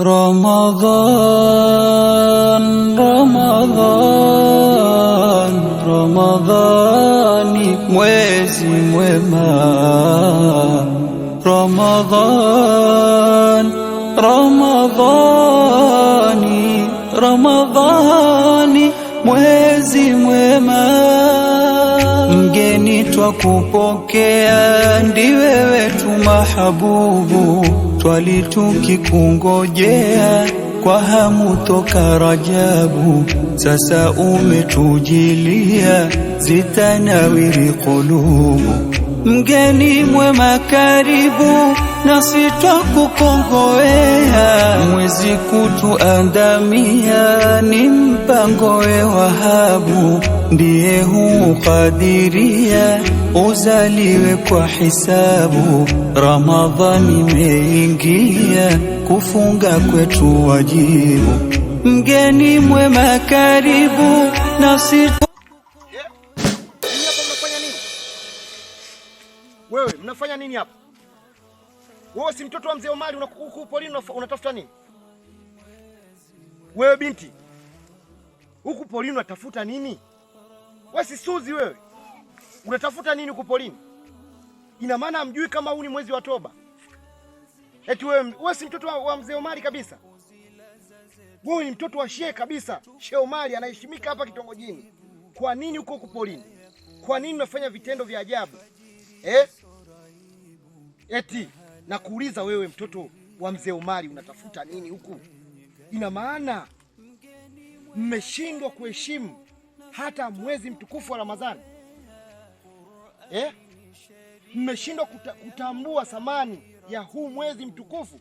Ramadan, Ramadan, Ramadhani mwezi mwema. Ramadan, Ramadhani, Ramadhani mwezi mwema. Mgeni twakupokea, ndiwe wetu mahabubu twali tukikungojea kwa hamu toka Rajabu, sasa umetujilia zitanawiri kulubu. Mgeni mwema karibu na sitakukongoea. mwezi kutuandamia. Ni mpango we Wahabu, ndiye hukadiria uzaliwe kwa hisabu. Ramadhani imeingia, kufunga kwetu wajibu. Mgeni mwema karibu, nasi wewe mnafanya nini hapa? Wewe si mtoto wa mzee Omari, huku polini unatafuta nini? Wewe binti huku polini unatafuta nini? Wewe si Suzi, wewe unatafuta nini huku polini? Ina maana hamjui kama huu ni mwezi wa toba? Eti wewe, wewe si mtoto wa mzee Omari kabisa. Wewe ni mtoto wa shehe kabisa. Shehe Omari anaheshimika hapa kitongojini. Kwa nini uko huku polini? Kwa nini unafanya vitendo vya ajabu eh? Eti na kuuliza wewe, mtoto wa mzee Omari, unatafuta nini huku? Ina maana mmeshindwa kuheshimu hata mwezi mtukufu wa Ramadhani eh? Mmeshindwa kuta, kutambua thamani ya huu mwezi mtukufu.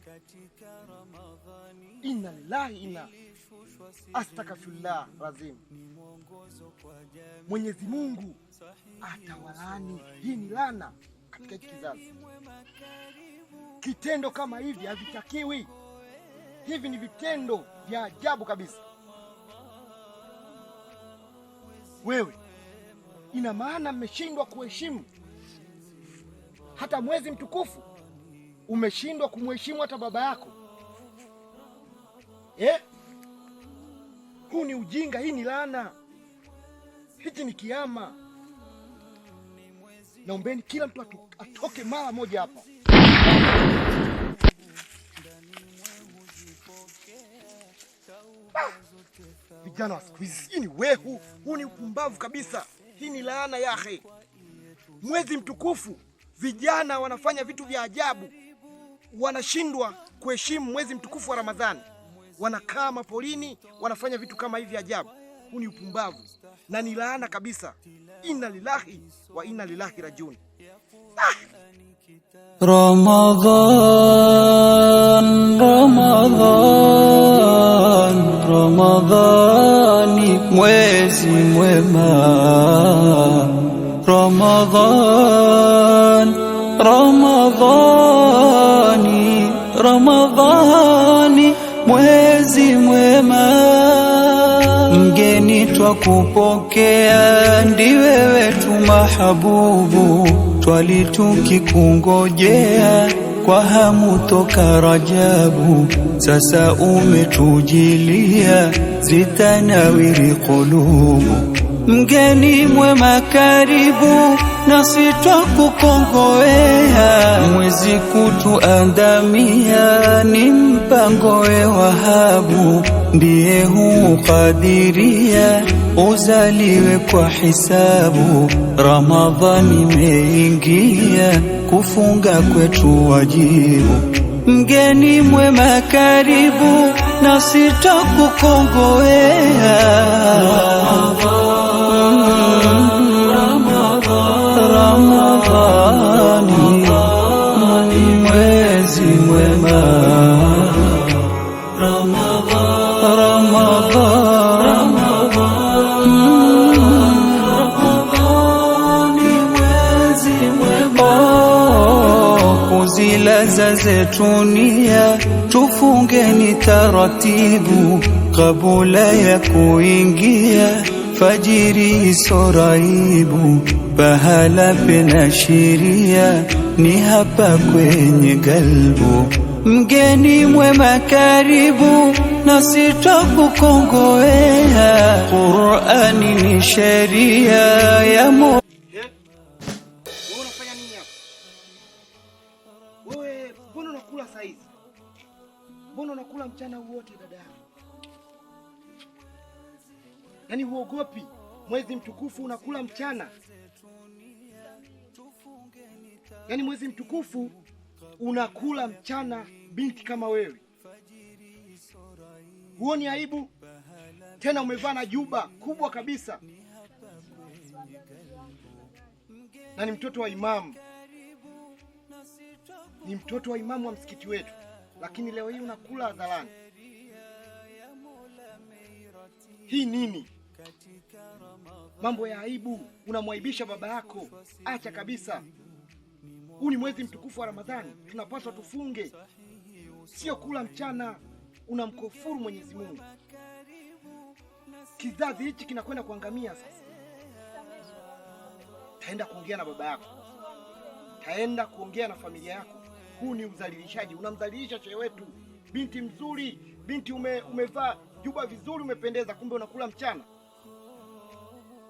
Inna lillahi inna astaghfirullah lazim. Mwenyezi Mungu atawalani, hii ni lana katika hiki kizazi. Kitendo kama hivi havitakiwi. Hivi ni vitendo vya ajabu kabisa. Wewe, ina maana mmeshindwa kuheshimu hata mwezi mtukufu, umeshindwa kumheshimu hata baba yako eh? Huu ni ujinga, hii ni laana, hiki ni kiama. Naombeni kila mtu atoke mara moja hapa. Vijana wa siku hizi, ni wehu huu, ni upumbavu kabisa. Hii ni laana yahe. Mwezi mtukufu, vijana wanafanya vitu vya ajabu, wanashindwa kuheshimu mwezi mtukufu wa Ramadhani, wanakaa mapolini, wanafanya vitu kama hivi ajabu. Huu ni upumbavu na ni laana kabisa. Inna lillahi wa inna ilaihi rajiun. Ah! Ramadhan, Ramadhan. mwezi mwema Ramadhan, Ramadhani, Ramadhani, mwezi mwema. Mgeni twakupokea, ndi wewe tu mahabubu, twalitukikungojea kwa hamu toka Rajabu, sasa umetujilia zitanawiri kulubu Mgeni mwema karibu, nasi twakukongowea, mwezi kutuandamia, ni mpango we Wahabu, ndiye huukadiria uzaliwe kwa hisabu. Ramadhani imeingia, kufunga kwetu wajibu. Mgeni mwema karibu, nasi twakukongowea za tufunge tufungeni taratibu kabula ya kuingia fajiri isoraibu pahala pena shiria ni hapa kwenye galbu mgeni mwema karibu na sitakukongoea Qur'ani ni sheria ya mchana wote dada yangu, yaani huogopi? Mwezi mtukufu unakula mchana, yaani mwezi mtukufu unakula mchana. Binti kama wewe huoni aibu? Tena umevaa na juba kubwa kabisa, na ni mtoto wa imamu, ni mtoto wa imamu wa msikiti wetu lakini leo hii unakula hadharani. Hii nini? Mambo ya aibu, unamwaibisha baba yako. Acha kabisa. Huu ni mwezi mtukufu wa Ramadhani, tunapaswa tufunge, sio kula mchana. Unamkufuru Mwenyezi Mungu. Kizazi hichi kinakwenda kuangamia. Sasa taenda kuongea na baba yako, taenda kuongea na familia yako. Huu ni udhalilishaji, unamdhalilisha shehe wetu. Binti mzuri, binti ume, umevaa juba vizuri, umependeza, kumbe unakula mchana.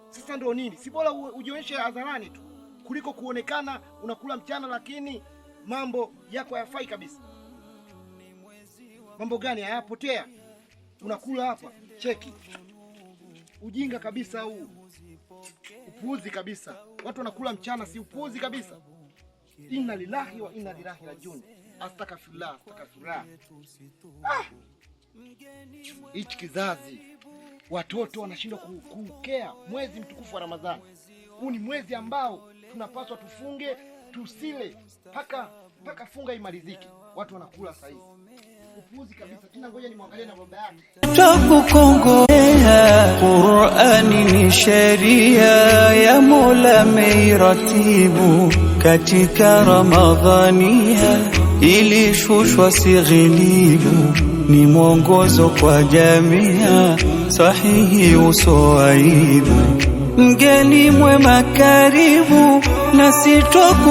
Sasa ndio nini? Si bora ujionyeshe hadharani tu kuliko kuonekana unakula mchana, lakini mambo yako hayafai kabisa. Mambo gani hayapotea? Unakula hapa, cheki. Ujinga kabisa huu, upuuzi kabisa. Watu wanakula mchana, si upuuzi kabisa? Inna lillahi wa inna ilaihi rajiun. Astaghfirullah, astaghfirullah. Ah! Hichi kizazi watoto wanashindwa kuukea mwezi mtukufu wa Ramadhani. Huu ni mwezi ambao tunapaswa tufunge, tusile mpaka mpaka funga imalizike. Watu wanakula sasa hivi. Upuuzi kabisa. Tena ngoja nimwangalie na baba yake. Tukukongea Qur'ani ni sheria ya Mola meiratibu katika Ramadhania ilishushwa sighilibu, ni mwongozo kwa jamia, sahihi usoaibu. Mgeni mwema karibu, na sitokukongoea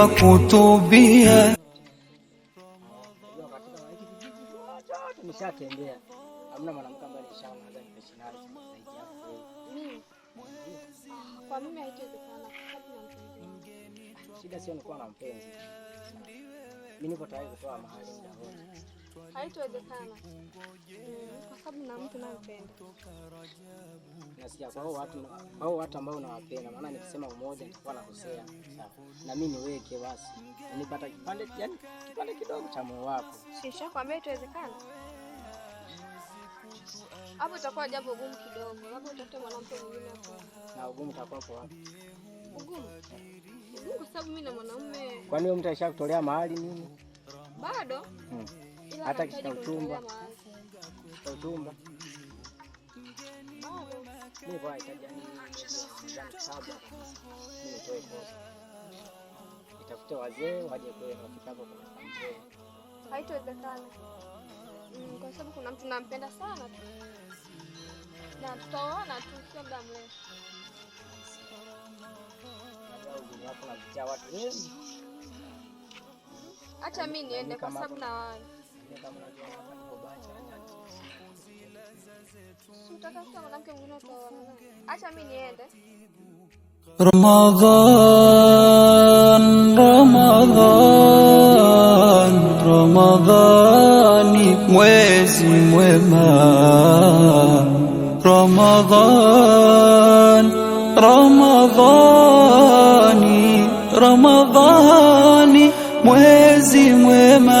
wa kutubia. Shida sio nikuwa na mpenzi. Mimi niko tayari kutoa mahali haitowezekana eh, kwa sababu na mtu nampenda. Nasikia kwa hao watu hao watu ambao unawapenda, maana nikisema umoja nitakuwa nakosea, na mimi niweke basi nipata kipande, yani kipande kidogo cha moyo wako. Sishakwambia itawezekana hapo, itakuwa jambo gumu kidogo, labda utafute mwanamke mwingine hapo. Na ugumu utakuwa kwa wapi? Ugumu ugumu kwa sababu mimi na mwanamume. Kwani wewe mtu aishakutolea mahali nini? Bado hmm hata kitautumba utumba itafute wazee waje kwa Haitowezekana mm, kwa sababu kuna mtu nampenda sana tu na tutaoana tu sio muda mrefu. Acha mimi niende yaani kwa sababu na wao Acha mimi niende. Ramadhan, Ramadhan, Ramadhani mwezi mwema. Ramadhan, Ramadhani, Ramadhani mwezi mwema.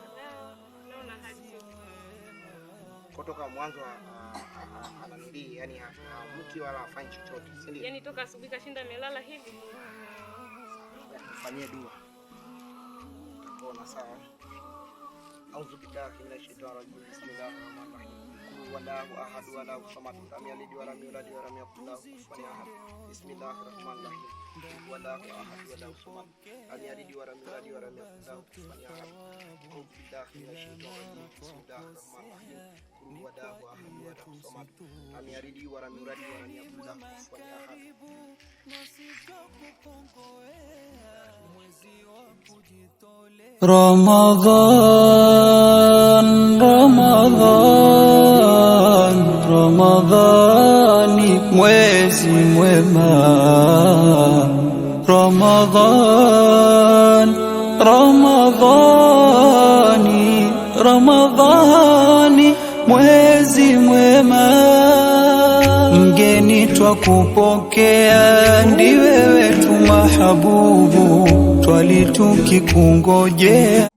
kutoka mwanzo ananilii, yani haamki wala afanye chochote, si ndio? Yani toka asubuhi kashinda amelala hivi. Fanyie dua sawa. Auzu billahi minash shaitani rajim. Bismillahir rahmanir rahim. Wallahu wallahu lam yalid walam yulad walam yakul lahu kufuwan ahad. Bismillahir rahmanir rahim. Wallahu wallahu lam yalid walam yulad walam yakul lahu kufuwan ahad. Auzu billahi minash shaitani rajim. Bismillahir rahmanir rahim kusoma ameahidiwa na miradi ya Abdullah kufanya hapa Ramadhan Ramadhan Ramadhani mwezi mwema Ramadhan kupokea ndiwe wetu tu mahabubu, twali tukikungojea.